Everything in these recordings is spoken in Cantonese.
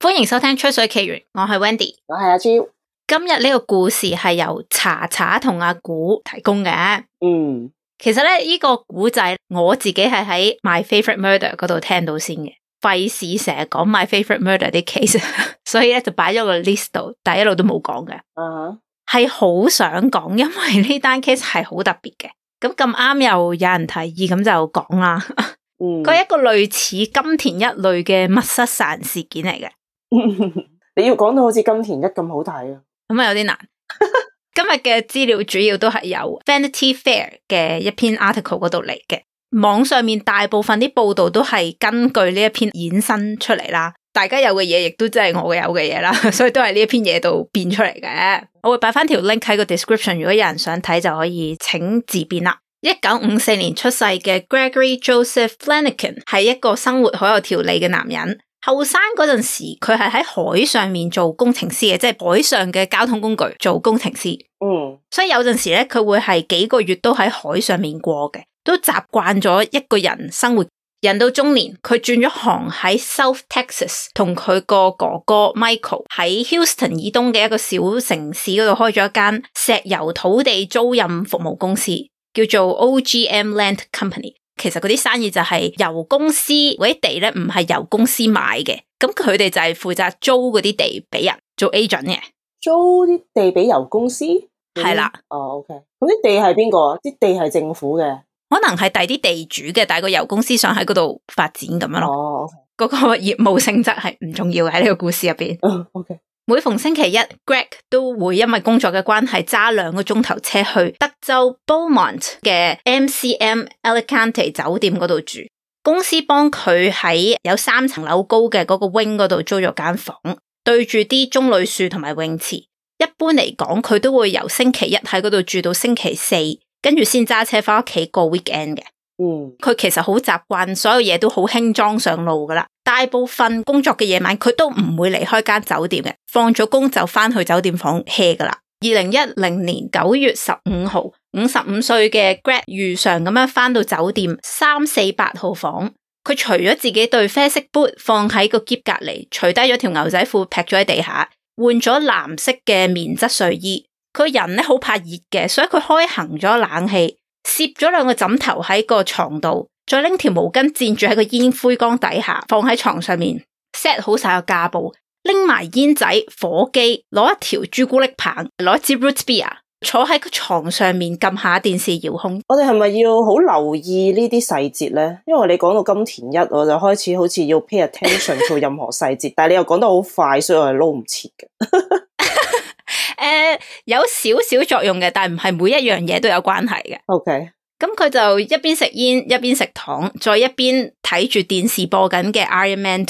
歡迎收聽《吹水奇緣》，我係 Wendy，我係阿超。今日呢個故事係由茶茶同阿估提供嘅。嗯，其實咧呢、呢個古仔，我自己係喺 My Favorite Murder 嗰度聽到先嘅。費事成日講 My Favorite Murder 啲 case， 所以咧就擺咗個 list 度，但係一路都冇講嘅。係好想講，因為呢單 case 係好特別嘅，咁咁啱又有人提議，咁就講啦。 嗯，佢係一個類似金田一類嘅密室殺人事件嚟嘅，你要講到好似金田一咁好睇啊，咁啊有啲難。 今日嘅資料主要都係由《Vanity Fair》嘅一篇 article 嗰度嚟嘅，網上面大部分啲報道都係根據呢一篇衍生出嚟啦。大家有嘅嘢，亦都真係我有嘅嘢啦，所以都係呢一篇嘢度變出嚟嘅。我會擺翻條 link 喺個 description，如果有人想睇就可以請自便啦。一九五四年出世嘅 Gregory Joseph Fleniken 係一個生活好有條理嘅男人。後生嗰陣時，佢係喺海上面做工程師嘅，即係海上嘅交通工具做工程師。嗯，所以有陣時咧，佢會係幾個月都喺海上面過嘅，都習慣咗一個人生活。人到中年，佢轉咗行喺 South Texas，同佢個哥哥 Michael 喺 Houston 以東嘅一個小城市嗰度開咗一間石油土地租賃服務公司，叫做 OGM Land Company。其實嗰啲生意就係油公司嗰啲地咧，唔係油公司買嘅，咁佢哋就係負責租嗰啲地俾人做 agent 嘅，租啲地俾油公司係啦。哦，oh, OK，嗰啲地係邊個？啲地係政府嘅。可能係第啲地主嘅，大概個油公司想喺嗰度發展咁樣咯。嗰、oh, okay. 個業務性質係唔重要嘅喺呢個故事入邊。Oh, okay. 每逢星期一，Greg 都會因為工作嘅關係揸兩個鐘頭車去德州 Beaumont 嘅 MCM Elegante 酒店嗰度住。公司幫佢喺有三層樓高嘅嗰個 wing 嗰度租咗間房，對住啲棕櫚樹同埋泳池。一般嚟講，佢都會由星期一喺嗰度住到星期四。跟住先揸車翻屋企過 weekend 嘅，嗯，佢其實好習慣，所有嘢都好輕裝上路噶啦。大部分工作嘅夜晚，佢都唔會離開間酒店嘅。放咗工就翻去酒店房 hea 㗎噶啦。二零一零年九月十五號，五十五歲嘅 Greg 如常咁樣翻到酒店三四八號房，佢除咗自己對啡色 boot 放喺個箧隔籬，除低咗條牛仔褲，劈咗喺地下，換咗藍色嘅棉質睡衣。佢人咧，好怕熱嘅，所以佢開行咗冷氣，攝咗兩個枕頭喺個牀度，再拎條毛巾墊住喺個煙灰缸底下，放喺牀上面 set 好晒個架步，拎埋煙仔、火機，攞一條朱古力棒，攞一支 root beer，坐喺個牀上面，撳下電視遙控。我哋係咪要好留意呢啲細節呢？因為你講到金田一，我就開始好似要 pay attention 做任何細節， 但係你又講得好快，所以我係撈唔切嘅。 誒、uh，有少少作用嘅，但係唔係每一樣嘢都有關係嘅。OK，咁佢就一邊食煙，一邊食糖，再一邊睇住電視播緊嘅 Iron Man 2，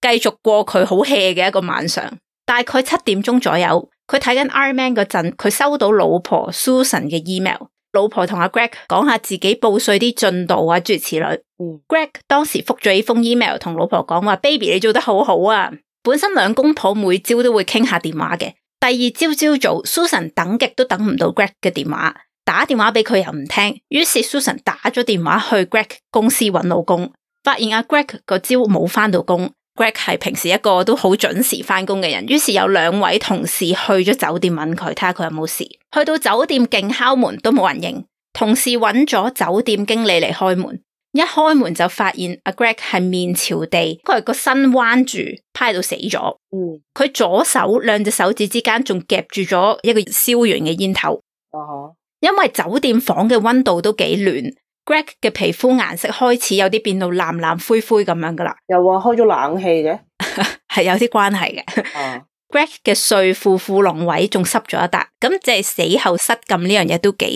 繼續過佢好 hea 嘅一個晚上。大概七點鐘左右，佢睇緊 Iron Man 嗰陣，佢收到老婆 Susan 嘅 email，老婆同阿 Greg 講下自己報稅啲進度啊諸如此類。Greg 當時覆咗一封 email，同老婆講話：「Baby，你做得好好啊！本身兩公婆每朝都會傾下電話嘅。第二朝朝早，上早，Susan 等極都等唔到 Greg 嘅電話，打電話俾佢又唔聽，於是 Susan 打咗電話去 Greg 公司搵老公，發現阿、啊、Greg 個朝冇返到工。Greg 係平時一個都好準時返工嘅人，於是有兩位同事去咗酒店問佢，睇下佢有冇事。去到酒店，勁敲門都冇人應，同事搵咗酒店經理嚟開門。一開門就發現阿 Greg 係面朝地，佢個身彎住，趴喺度死咗。嗯，佢左手兩隻手指之間仲夾住咗一個燒完嘅煙頭。哦、啊，因為酒店房嘅溫度都幾暖，Greg 嘅皮膚顏色開始有啲變到藍藍灰灰咁樣噶啦。又話 啊，開咗冷氣嘅，係有啲關係嘅。Greg 嘅睡褲褲籠位仲濕咗一笪。咁即係死後失禁呢樣嘢都幾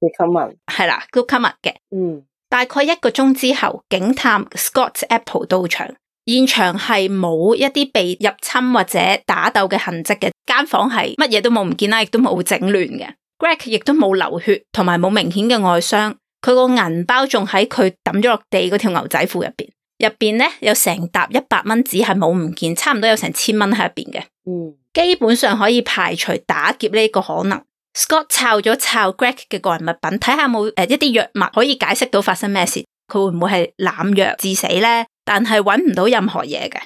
幾 common，係啦，都 common 嘅。嗯。大概一個鐘之後，警探 Scott Apple 到場，現場係冇一啲被入侵或者打鬥嘅痕跡嘅。間房係乜嘢都冇唔見啦，亦都冇整亂嘅。Greg 亦都冇流血，同埋冇明顯嘅外傷。佢個銀包仲喺佢抌咗落地嗰條牛仔褲入邊，入邊咧有成沓一百蚊紙係冇唔見，差唔多有成千蚊喺入邊嘅。嗯，基本上可以排除打劫呢個可能。Scott 抄咗抄 Greg 嘅個人物品，睇下冇誒一啲藥物可以解釋到發生咩事，佢會唔會係濫藥致死咧？但係揾唔到任何嘢嘅，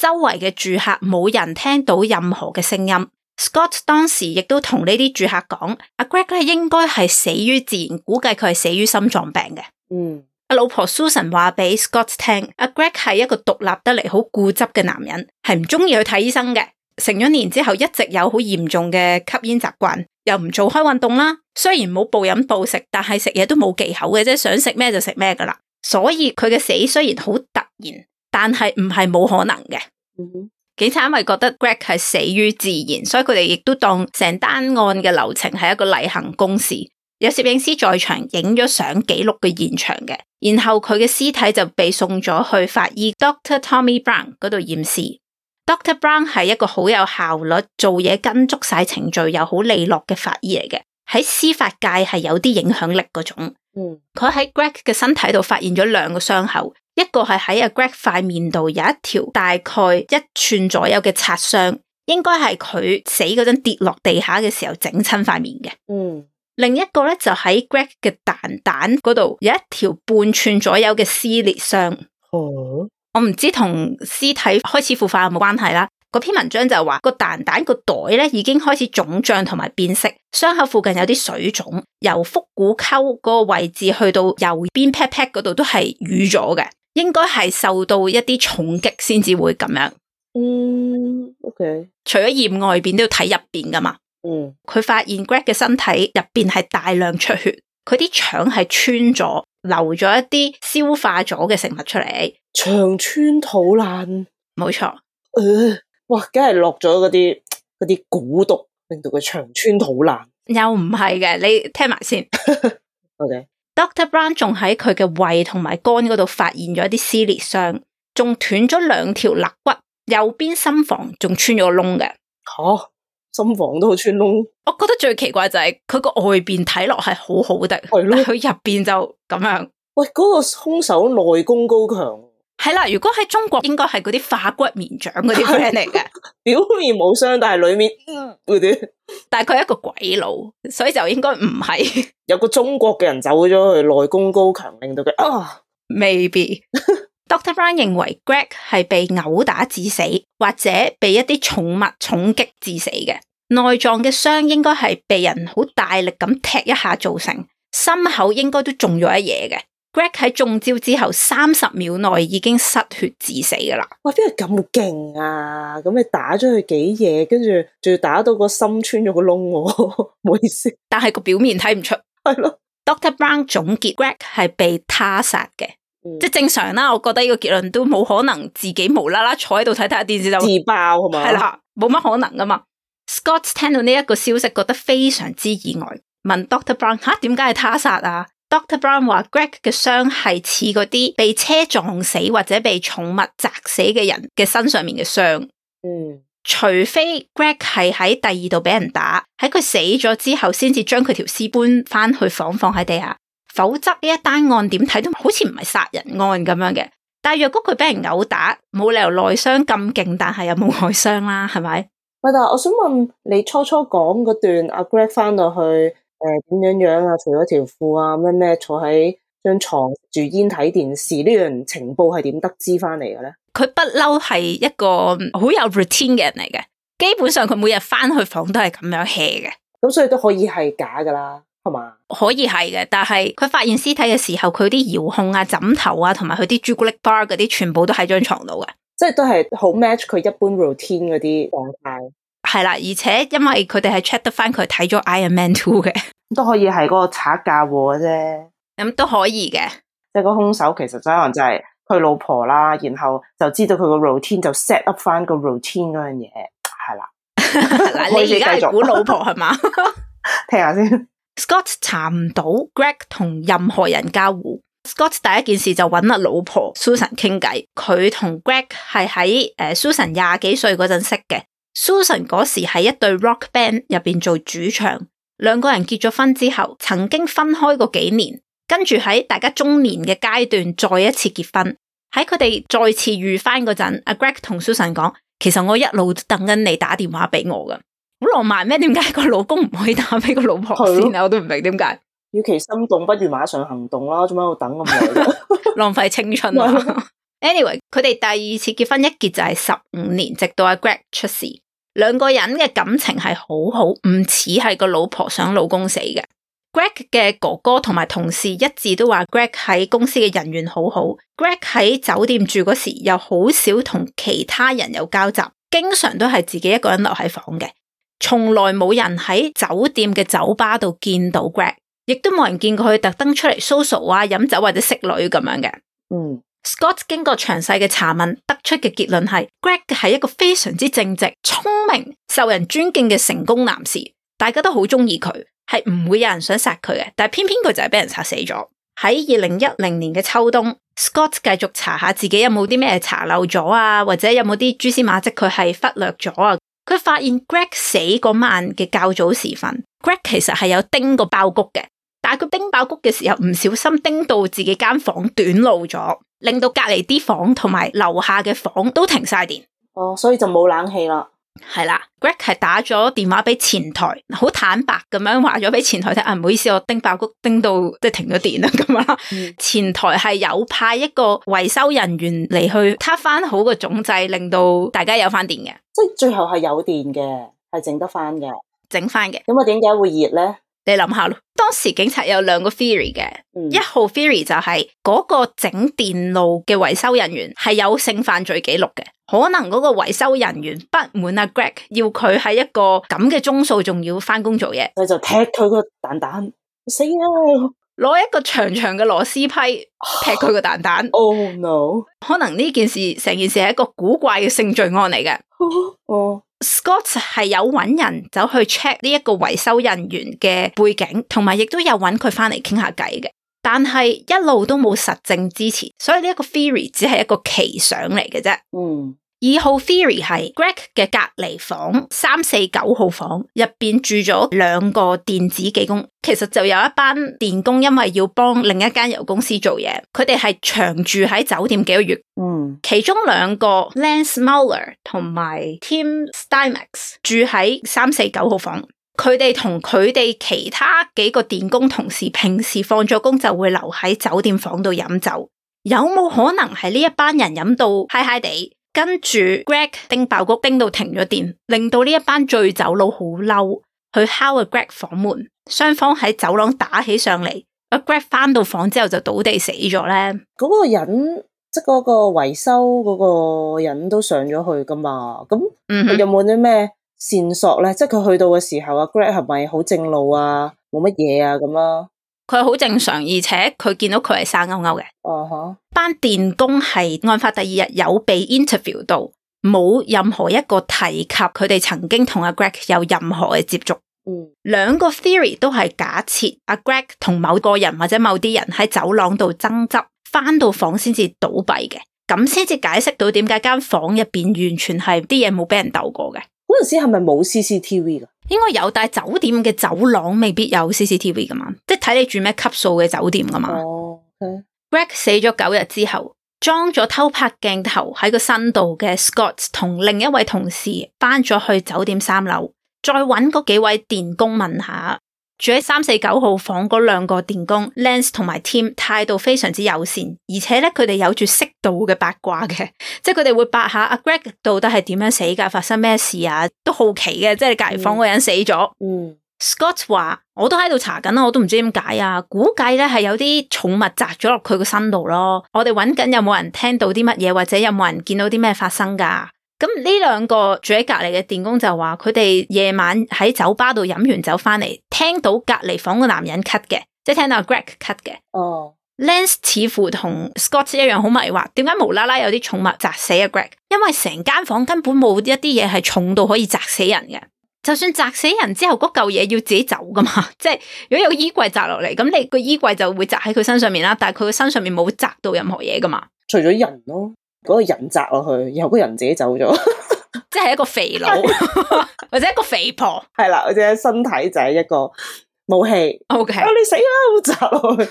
周圍嘅住客冇人聽到任何嘅聲音。Scott 當時亦都同呢啲住客講，阿 Greg 咧應該係死於自然，估計佢係死於心臟病嘅。嗯，阿老婆 Susan 話俾 Scott 聽，阿 Greg 係一個獨立得嚟好固執嘅男人，係唔中意去睇醫生嘅。成咗年之後，一直有好嚴重嘅吸煙習慣，又唔做開運動啦。雖然冇暴飲暴食，但係食嘢都冇忌口嘅，即係想食咩就食咩噶啦。所以佢嘅死雖然好突然，但係唔係冇可能嘅。警察。Mm-hmm. 因為覺得 Greg 係死於自然，所以佢哋亦都當成單案嘅流程係一個例行公事。有攝影師在場影咗相記錄嘅現場嘅，然後佢嘅屍體就被送咗去法醫 Doctor Tommy Brown 嗰度驗屍。Doctor Brown 係一個好有效率、做嘢跟足晒程序又好利落嘅法醫嚟嘅，喺司法界係有啲影響力嗰種。嗯，佢喺 Greg 嘅身體度發現咗兩個傷口，一個係喺阿 Greg 塊面度有一條大概一寸左右嘅擦傷，應該係佢死嗰陣跌落地下嘅時候整親塊面嘅。嗯，另一個咧就喺 Greg 嘅蛋蛋嗰度有一條半寸左右嘅撕裂傷。哦。我唔知同屍體開始腐化有冇關係啦。嗰篇文章就話個蛋蛋個袋咧已經開始腫脹同埋變色，傷口附近有啲水腫，由腹股溝個位置去到右邊 pat pat 嗰度都係瘀咗嘅，應該係受到一啲重擊先至會咁樣。嗯，OK。除咗驗外邊都要睇入邊噶嘛。嗯。佢發現 Greg 嘅身體入邊係大量出血，佢啲腸係穿咗，流咗一啲消化咗嘅食物出嚟。腸穿肚爛，冇錯。誒、呃，哇，梗係落咗嗰啲啲蠱毒，令到佢腸穿肚爛。又唔係嘅，你聽埋先。 o、okay. K，Doctor Brown 仲喺佢嘅胃同埋肝嗰度發現咗啲撕裂傷，仲斷咗兩條肋骨，右邊心房仲穿咗個窿嘅。吓、啊，心房都穿窿。我覺得最奇怪就係佢個外邊睇落係好好的，佢入邊就咁樣。喂，嗰、嗰個凶手內功高強。係啦，如果喺中國，應該係嗰啲化骨綿掌嗰啲 plan 嚟嘅， 表面冇傷，但係裏面嗰啲， 但係佢一個鬼佬，所以就應該唔係。 有個中國嘅人走咗去，內功高強，令到佢哦、 oh,，maybe Dr. Brown 認為 Greg 係被毆打致死，或者被一啲寵物重擊致死嘅，內臟嘅傷應該係被人好大力咁踢一下造成，心口應該都中咗一嘢嘅。Greg 喺中招之後三十秒內已經失血致死噶啦！喂，邊個咁勁啊？咁你打咗佢幾嘢，跟住仲要打到個心穿咗個窿，唔好意思。但係個表面睇唔出，係咯？Doctor Brown 總結，Greg 係被他殺嘅，即係正，正常啦。我覺得呢個結論都冇可能自己無啦啦坐喺度睇睇下電視就自爆係嘛？係啦，冇乜可能噶嘛？Scott 聽到呢一個消息，覺得非常之意外，問 Doctor Brown：吓，點解係他殺啊？Doctor Brown 話 Greg 嘅傷係似嗰啲被車撞死或者被寵物砸死嘅人嘅身上面嘅傷。嗯，除非 Greg 係喺第二度俾人打，喺佢死咗之後先至將佢條屍搬翻去房放喺地下，否則呢一單案點睇都好似唔係殺人案咁樣嘅。但係若果佢俾人毆打，冇理由內傷咁勁，但係又冇外傷啦，係咪？喂，但係我想問你初初講嗰段阿、啊、Greg 翻到去。誒、呃，點樣樣啊？除咗條褲啊，咩咩坐喺張床住煙睇電視呢樣情報係點得知翻嚟嘅咧？佢不嬲係一個好有 routine 嘅人嚟嘅，基本上佢每日翻去房都係咁樣 hea 嘅，咁所以都可以係假噶啦，係嘛？可以係嘅，但係佢發現屍體嘅時候，佢啲遙控啊、枕頭啊，同埋佢啲朱古力 bar 嗰啲，全部都喺張床度嘅，即係都係好 match 佢一般 routine 嗰啲狀態。係啦，而且因為佢哋係 check 得翻，佢睇咗 Iron Man 2嘅，都可以係嗰個查教和嘅啫。咁、嗯、都可以嘅，即、那、係個兇手其實可能就係佢老婆啦，然後就知道佢個 routine 就 set up 翻個 routine 嗰樣嘢，係啦。嗱， 你而家係估老婆係嘛？ 聽下先。Scott 查唔到 Greg 同任何人交互。Scott 第一件事就揾阿老婆 Susan 傾偈。佢同 Greg 係喺誒 Susan 廿幾歲嗰陣識嘅。Susan 嗰時喺一對 rock band 入邊做主唱，兩個人結咗婚之後，曾經分開過幾年，跟住喺大家中年嘅階段再一次結婚。喺佢哋再次遇翻嗰陣，阿 Greg 同 Susan 講：其實我一路等緊你打電話俾我噶，好浪漫咩？點解個老公唔可以打俾個老婆先啊？我都唔明點解。與其心動，不如馬上行動啦，做咩要等咁耐？ 浪費青春啊！Anyway，佢哋第二次結婚一結就係十五年，直到阿 Greg 出事。兩個人嘅感情係好好，唔似係個老婆想老公死嘅。Greg 嘅哥哥同埋同事一致都話，Greg 喺公司嘅人緣好好。Greg 喺酒店住嗰時，又好少同其他人有交集，經常都係自己一個人留喺房嘅，從來冇人喺酒店嘅酒吧度見到 Greg，亦都冇人見過佢特登出嚟 social 啊、飲酒或者識女咁樣嘅。嗯。Scott 經過詳細嘅查問，得出嘅結論係 Greg 係一個非常之正直、聰明、受人尊敬嘅成功男士，大家都好中意佢，係唔會有人想殺佢嘅。但係偏偏佢就係俾人殺死咗。喺二零一零年嘅秋冬，Scott 繼續查下自己有冇啲咩查漏咗啊，或者有冇啲蛛絲馬跡佢係忽略咗啊。佢發現 Greg 死嗰晚嘅較早時分，Greg 其實係有叮過爆谷嘅，但係佢叮爆谷嘅時候唔小心叮到自己間房短路咗。令到隔籬啲房同埋樓下嘅房都停晒電，哦，所以就冇冷氣啦。係啦，Greg 係打咗電話俾前台，好坦白咁樣話咗俾前台聽，啊，唔好意思，我叮爆谷叮到即係停咗電啦咁樣 前台係有派一個維修人員嚟去撻翻好個總掣，令到大家有翻電嘅，即係最後係有電嘅，係整得翻嘅，整翻嘅。咁我點解會熱咧？你諗下咯，當時警察有兩個 theory 嘅。嗯，一號 theory 就係、是、嗰、那個整電路嘅維修人員係有性犯罪記錄嘅，可能嗰個維修人員不滿阿、啊、Greg 要佢喺一個咁嘅鐘數，仲要返工做嘢，佢就踢佢個蛋蛋，死啦！攞一個長長嘅螺絲批劈佢個蛋蛋。Oh, oh no！可能呢件事成件事係一個古怪嘅性罪案嚟嘅。哦、oh.。Scott 係有揾人走去 check 呢一個維修人員嘅背景，同埋亦都有揾佢翻嚟傾下偈嘅，但係一路都冇實證支持，所以呢一個 theory 只係一個奇想嚟嘅啫。嗯。二號 theory 係 Greg 嘅隔離房三四九號房入面住咗兩個電子技工，其實就有一班電工，因為要幫另一間油公司做嘢，佢哋係長住喺酒店幾個月。嗯，其中兩個 Lance Muller 同埋 Tim Stymax 住喺三四九號房，佢哋同佢哋其他幾個電工同事平時放咗工就會留喺酒店房度飲酒，有冇可能係呢一班人飲到嗨嗨地？跟住 Greg 叮爆谷叮到停咗電，令到呢一班醉酒佬好嬲，去敲阿 Greg 房門，雙方喺走廊打起上嚟。阿 Greg 翻到房之後就倒地死咗咧。嗰、嗰個人即係嗰個維修嗰個人都上咗去噶嘛？咁佢有冇啲咩線索咧？即係佢去到嘅時候，阿 Greg 係咪好正路啊？冇乜嘢啊咁啊？佢好正常，而且佢見到佢係生勾勾嘅。哦，吓班電工係案發第二日有被 interview 到，冇任何一個提及佢哋曾經同阿 Greg 有任何嘅接觸。Uh-huh. 兩個 theory 都係假設阿 Greg 同某個人或者某啲人喺走廊度爭執，翻到房先至倒閉嘅，咁先至解釋到點解間房入邊完全係啲嘢冇俾人鬥過嘅。嗰陣時係咪冇 CCTV 噶？應該有，但酒店嘅走廊未必有 CCTV 噶嘛，即係睇你住咩級數嘅酒店噶嘛。哦、oh, okay.，Greg 死咗九日之後，裝咗偷拍鏡頭喺個身度嘅 Scott 同另一位同事，返咗去酒店三樓，再揾嗰幾位電工問下。住喺三四九號房嗰兩個電工 Lance 同埋 Tim 態度非常之友善，而且咧佢哋有住適度嘅八卦嘅，即係佢哋會八下阿 Greg 到底係點樣死噶，發生咩事啊，都好奇嘅。即係隔離房嗰人死咗，嗯嗯，Scott 話我都喺度查緊啦，我都唔知點解啊，估計咧係有啲重物砸咗落佢個身度咯。我哋揾緊有冇人聽到啲乜嘢，或者有冇人見到啲咩發生噶。咁呢兩個住喺隔籬嘅電工就話，佢哋夜晚喺酒吧度飲完酒翻嚟，聽到隔離房個男人咳嘅，即係聽到 Greg 咳嘅。哦、oh.，Lance 似乎同 Scott 一樣好迷惑，點解無啦啦有啲重物砸死阿、啊、Greg？因為成間房間根本冇一啲嘢係重到可以砸死人嘅。就算砸死人之後，嗰嚿嘢要自己走噶嘛，即、就、係、是、如果有衣櫃砸落嚟，咁你個衣櫃就會砸喺佢身上面啦。但係佢個身上面冇砸到任何嘢噶嘛，除咗人咯。嗰、那個人砸落去，然後個人自己走咗， 即係一個肥佬， 或者一個肥婆，係啦，或者身體就係一個武器。O、okay. K，、啊、你死啦！好砸落去。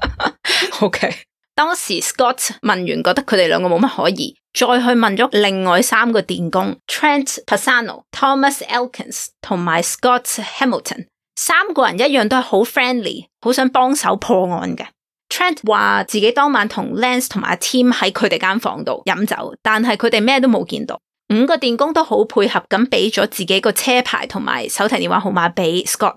o、okay. K，當時 Scott 問完覺得佢哋兩個冇乜可疑，再去問咗另外三個電工 Trent Passano、Thomas Elkins 同埋 Scott Hamilton 三個人一樣都係好 friendly，好想幫手破案嘅。Trent 話自己當晚同 Lance 同埋阿 Tim 喺佢哋間房度飲酒，但係佢哋咩都冇見到。五個電工都好配合咁俾咗自己個車牌同埋手提電話號碼俾 Scott，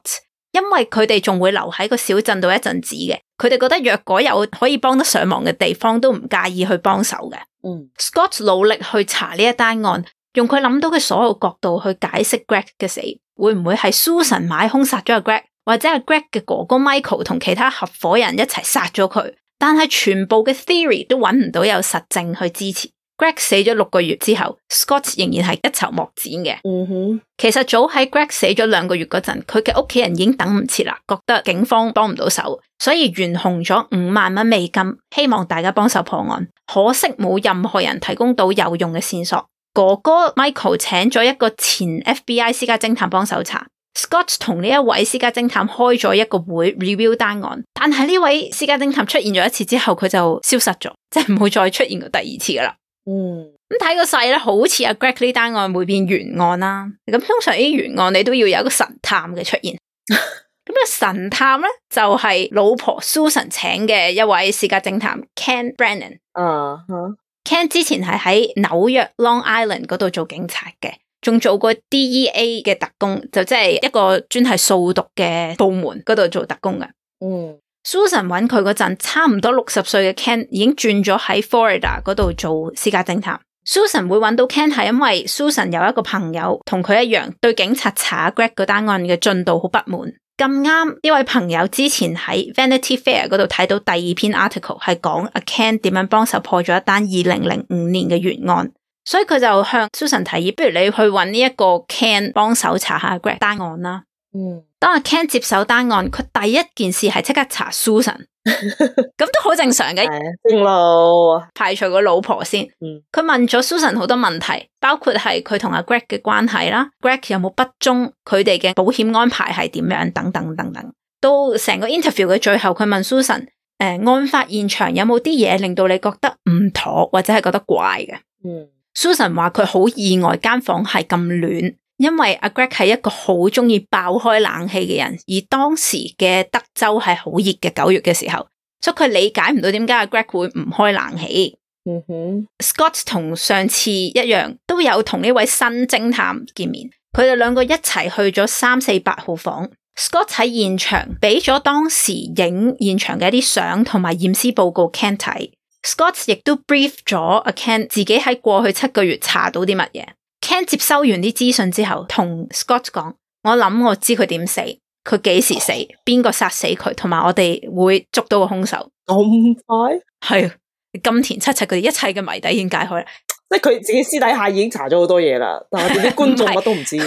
因為佢哋仲會留喺個小鎮度一陣子嘅。佢哋覺得若果有可以幫得上忙嘅地方，都唔介意去幫手嘅。嗯、mm.，Scott 努力去查呢一單案，用佢諗到嘅所有角度去解釋 Greg 嘅死，會唔會係 Susan 買兇殺咗阿 Greg？或者係 Greg 嘅哥哥 Michael 同其他合夥人一齊殺咗佢。但係全部嘅 theory 都揾唔到有實證去支持。Greg 死咗六個月之後，Scott 仍然係一籌莫展嘅。Uh-huh. 其實早喺 Greg 死咗兩個月嗰陣，佢嘅屋企人已經等唔切啦，覺得警方幫唔到手，所以懸紅咗五萬蚊美金，希望大家幫手破案。可惜冇任何人提供到有用嘅線索。哥哥 Michael 請咗一個前 FBI 私家偵探幫手查。Scott 同呢一位私家偵探開咗一個會 review 單案，但係呢位私家偵探出現咗一次之後，佢就消失咗，即係唔會再出現過第二次噶啦。嗯，咁睇個勢咧，好似阿、啊、Greg 呢單案會變懸案啦。咁通常啲懸案你都要有一個神探嘅出現。咁 啊神探咧就係、是、老婆 Susan 請嘅一位私家偵探 Ken Brennan。啊、嗯嗯、Ken 之前係喺紐約 Long Island 嗰度做警察嘅。仲做過 DEA 嘅特工，就即係一個專係掃毒嘅部門嗰度做特工嘅。嗯，Susan 揾佢嗰陣，差唔多六十歲嘅 Ken 已經轉咗喺 Florida 嗰度做私家偵探。Susan 會揾到 Ken 係因為 Susan 有一個朋友同佢一樣對警察查 Greg 嗰單案嘅進度好不滿。咁啱呢位朋友之前喺 Vanity Fair 嗰度睇到第二篇 article 係講阿 Ken 點樣幫手破咗一單二零零五年嘅懸案。所以佢就向 Susan 提議，不如你去揾呢一個 Ken 幫手查下 Greg 單案啦。嗯，當阿 Ken 接手單案，佢第一件事係即刻查 Susan，咁 都好正常嘅。正 路排除個老婆先。嗯，佢問咗 Susan 好多問題，包括係佢同阿 Greg 嘅關係啦，Greg 有冇不忠，佢哋嘅保險安排係點樣，等等等等，到成個 interview 嘅最後，佢問 Susan，誒、嗯，案發現場有冇啲嘢令到你覺得唔妥，或者係覺得怪嘅？嗯。Susan 話佢好意外間房係咁暖，因為阿 Greg 係一個好鍾意爆開冷氣嘅人，而當時嘅德州係好熱嘅九月嘅時候，所以佢理解唔到點解阿 Greg 會唔開冷氣。嗯、mm、哼 -hmm.，Scott 同上次一樣都有同呢位新偵探見面，佢哋兩個一齊去咗三四八號房，Scott 喺現場俾咗當時影現場嘅一啲相同埋驗屍報告 Ken 睇。Kenti, Scott 亦都 brief 咗阿 Ken 自己喺過去七個月查到啲乜嘢。Ken 接收完啲資訊之後，同 Scott 講：我諗我知佢點死，佢幾時死，邊個殺死佢，同埋我哋會捉到個凶手咁快？係金田七七佢哋一切嘅謎底已經解開啦，即係佢自己私底下已經查咗好多嘢啦，但係啲觀眾乜 都唔知。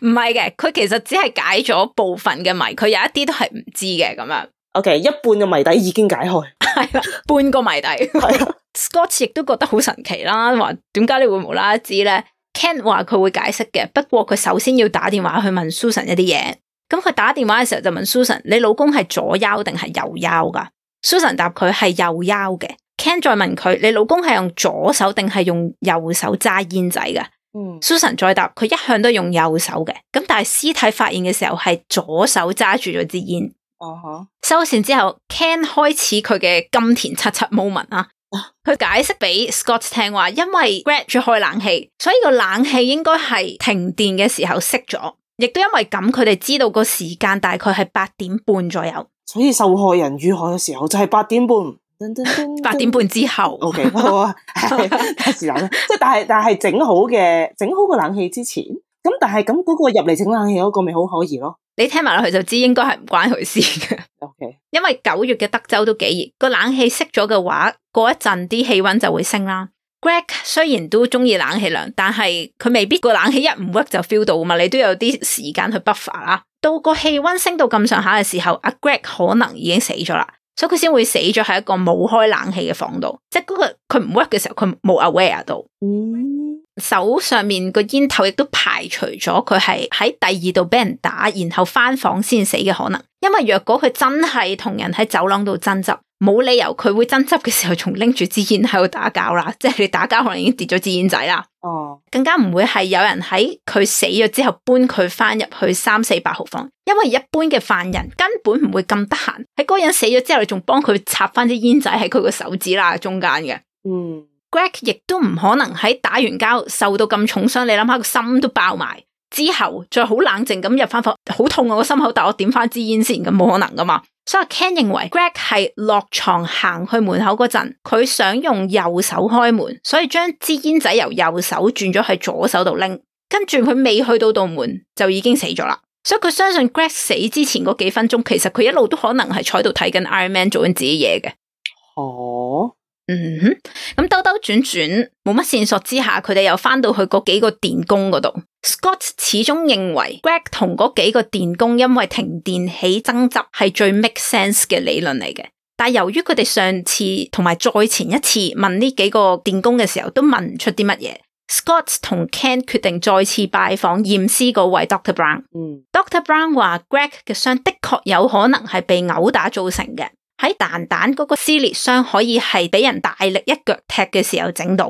唔係嘅，佢其實只係解咗部分嘅謎，佢有一啲都係唔知嘅咁樣。OK，一半嘅謎底已經解開。 半個謎底。Scotts 亦都覺得好神奇啦。話點解你會無啦啦知咧？Ken 話佢會解釋嘅，不過佢首先要打電話去問 Susan 一啲嘢。咁佢打電話嘅時候就問 Susan：你老公係左腰定係右腰噶？Susan 答佢係右腰嘅。Ken 再問佢：你老公係用左手定係用右手揸煙仔噶？嗯，Susan 再答：佢一向都用右手嘅。咁但係屍體發現嘅時候係左手揸住咗支煙。收線之後，Ken 開始佢嘅金田七七 moment 啊，佢解釋俾 Scott 聽，話因為 Greg 住開冷氣，所以個冷氣應該係停電嘅時候熄咗，亦都因為咁，佢哋知道個時間大概係八點半左右，所以受害人遇害嘅時候就係八點半，八點半之後，OK，好啊，太時難啦，即係，但係，但係整好嘅，整好個冷氣之前。咁但係咁嗰個入嚟整冷氣嗰個咪好可疑咯？你聽埋落去就知應該係唔關佢事嘅。OK，因為九月嘅德州都幾熱，個冷氣熄咗嘅話，過一陣啲氣溫就會升啦。Greg 雖然都中意冷氣涼，但係佢未必、個冷氣一唔 work 就 feel 到噶嘛，你都有啲時間去 buffer 啦。到個氣溫升到咁上下嘅時候，阿 Greg 可能已經死咗啦，所以佢先會死咗喺一個冇開冷氣嘅房度，即係嗰個佢唔 work 嘅時候，佢冇 aware 到。嗯、mm-hmm。手上面個煙頭亦都排除咗佢係喺第二度俾人打，然後翻房，先死嘅可能。因為若果佢真係同人喺走廊度爭執，冇理由佢會爭執嘅時候仲拎住支煙喺度打交啦。即係你打交可能已經跌咗支煙仔啦。哦，更加唔會係有人喺佢死咗之後搬佢翻入去三四八號房，因為一般嘅犯人根本唔會咁得閒喺嗰個人死咗之後，你仲幫佢插翻支煙仔喺佢個手指罅中間嘅。嗯。Greg 亦都唔可能喺打完交受到咁重傷，你諗下個心都爆埋之後，再好冷靜咁入翻房，好痛、啊、我個心口，但我點翻支煙先咁，冇可能噶嘛。所、so、以 Ken 認為 Greg 係落床行去門口嗰陣，佢想用右手開門，所以將支煙仔由右手轉咗去左手度拎，跟住佢未去到道門就已經死咗啦。所以佢相信 Greg 死之前嗰幾分鐘，其實佢一路都可能係坐喺度睇緊 Iron Man 做緊自己嘢嘅。哦、oh?。嗯哼，咁兜兜轉轉冇乜線索之下，佢哋又翻到去嗰幾個電工嗰度。Scott 始終認為 Greg 同嗰幾個電工因為停電起爭執係最 make sense 嘅理論嚟嘅。但由於佢哋上次同埋再前一次問呢幾個電工嘅時候，都問唔出啲乜嘢。Scott 同 Ken 決定再次拜訪驗屍嗰位 Doctor Brown。Mm. Doctor Brown 話 Greg 嘅傷的確有可能係被毆打造成嘅。喺蛋蛋嗰個撕裂傷可以係俾人大力一腳踢嘅時候整到，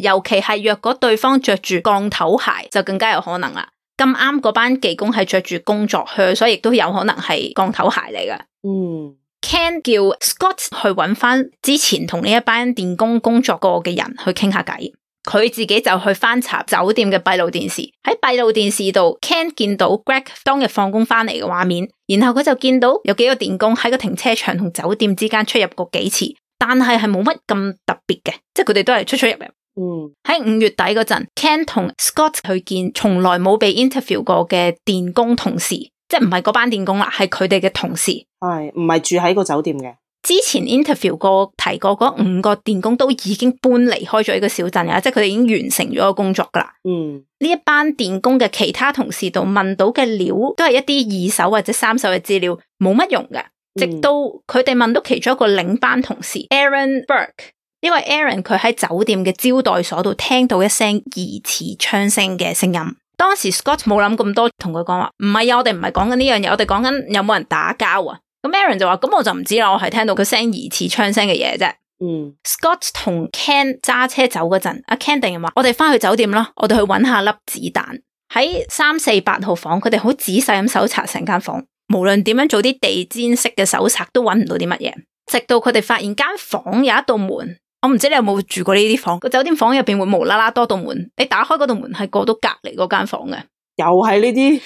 尤其係若果對方着住鋼頭鞋就更加有可能啦。咁啱嗰班技工係着住工作靴，所以亦都有可能係鋼頭鞋嚟㗎。嗯，Ken 叫 Scott 去搵翻之前同呢一班電工工作過嘅人去傾下偈。佢自己就去翻查酒店嘅閉路電視，喺閉路電視度，Ken 見到 Greg 當日放工翻嚟嘅畫面，然後佢就見到有幾個電工喺個停車場同酒店之間出入過幾次，但係係冇乜咁特別嘅，即係佢哋都係出出入入。嗯，喺五月底嗰陣，Ken 同 Scott 去見從來冇被 interview 過嘅電工同事，即係唔係嗰班電工啦，係佢哋嘅同事，係唔係住喺個酒店嘅？之前 interview 過提過嗰五個電工都已經搬離開咗呢個小鎮啦，即係佢哋已經完成咗個工作噶啦。嗯，呢一班電工嘅其他同事度問到嘅料都係一啲二手或者三手嘅資料，冇乜用嘅，嗯。直到佢哋問到其中一個領班同事 Aaron Burke，因為 Aaron 佢喺酒店嘅招待所度聽到一聲疑似槍聲嘅聲音。當時 Scott 冇諗咁多，同佢講話唔係啊，我哋唔係講緊呢樣嘢，我哋講緊有冇人打交啊。Maron 就話：咁我就唔知啦，我係聽到佢聲疑似槍聲嘅嘢啫。Scott 同 Ken 揸車走嗰陣，阿 Ken 定話：我哋翻去酒店啦，我哋去搵下粒子彈喺三四八號房。佢哋好仔細咁搜查成間房，無論點樣做啲地氈式嘅搜查，都搵唔到啲乜嘢。直到佢哋發現間房間有一道門，我唔知你有冇住過呢啲房，個酒店房入邊會無啦啦多道門，你打開嗰道門係過到隔籬嗰間房嘅。又係呢啲，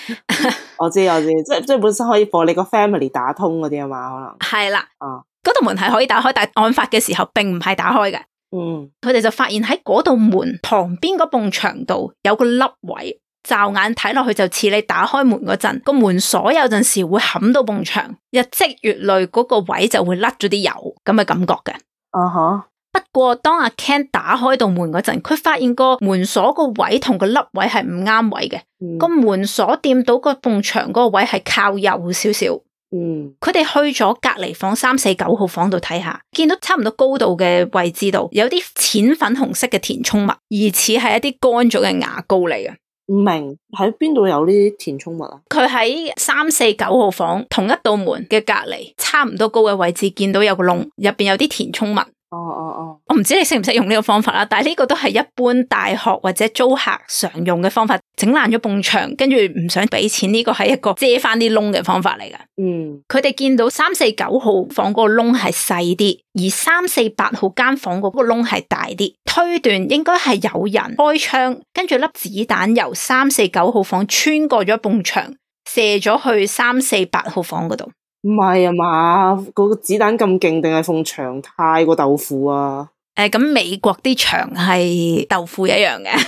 我知我知，即係即係本身可以幫你個 family 打通嗰啲啊嘛，可能係啦，啊、哦，嗰道門係可以打開，但係案發嘅時候並唔係打開嘅。嗯，佢哋就發現喺嗰道門旁邊嗰埲牆度有個凹位，驟眼睇落去就似你打開門嗰陣，個門鎖有陣時候會冚到埲牆，日積月累嗰、嗰個位就會甩咗啲油咁嘅感覺嘅，啊哈。不過當阿 Ken 打開道門嗰陣，佢發現個門鎖個位同個凹,凹位係唔啱位嘅，個門鎖掂到個埲牆個位係靠右少少。嗯，佢哋、嗯、去咗隔離房三四九號房度睇下，見到差唔多高度嘅位置度有啲淺粉紅色嘅填充物，疑似係一啲乾咗嘅牙膏嚟嘅。唔明喺邊度有呢啲填充物啊？佢喺三四九號房同一道門嘅隔離，差唔多高嘅位置見到有個窿，入邊有啲填充物。哦哦哦！我唔知你識唔識用呢個方法啦，但係呢個都係一般大學或者租客常用嘅方法。整爛咗埲牆，跟住唔想俾錢，呢個係一個遮翻啲窿嘅方法嚟㗎。嗯，佢哋見到三四九號房個窿係細啲，而三四八號間房個窿係大啲，推斷應該係有人開槍，跟住粒子彈由三四九號房穿過咗埲牆，射咗去三四八號房嗰度。唔係啊嘛，嗰個子彈咁勁，定係奉牆太過豆腐啊？誒、嗯，咁美國啲牆係豆腐一樣嘅？呢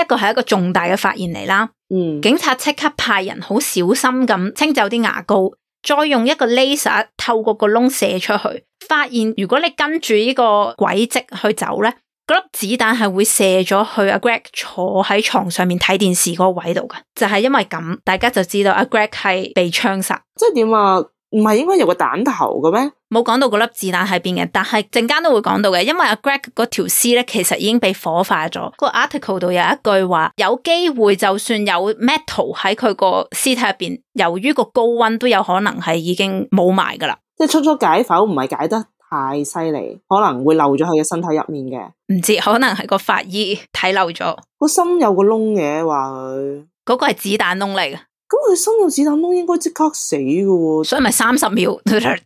一個係一個重大嘅發現嚟啦。嗯，警察即刻派人好小心咁清走啲牙膏，再用一個 laser 透過個窿射出去，發現如果你跟住呢個軌跡去走咧。嗰粒子彈係會射咗去阿 Greg 坐喺床上面睇電視嗰個位度嘅，就係因為咁，大家就知道阿 Greg 係被槍殺。即係點啊？唔係應該有個彈頭嘅咩？冇講到嗰粒子彈喺邊嘅，但係陣間都會講到嘅。因為阿 Greg 嗰條屍咧，其實已經被火化咗。個 article 度有一句話，有機會就算有 metal 喺佢個屍體入邊，由於個高溫都有可能係已經冇埋噶啦。即係初初解剖唔係解得太犀利，可能會漏咗喺佢身體入面嘅，唔知可能係個法醫睇漏咗。個心有個窿嘅話，佢嗰、那個係子彈窿嚟嘅。咁佢心有子彈窿，應該即刻死㗎喎、啊，所以咪三十秒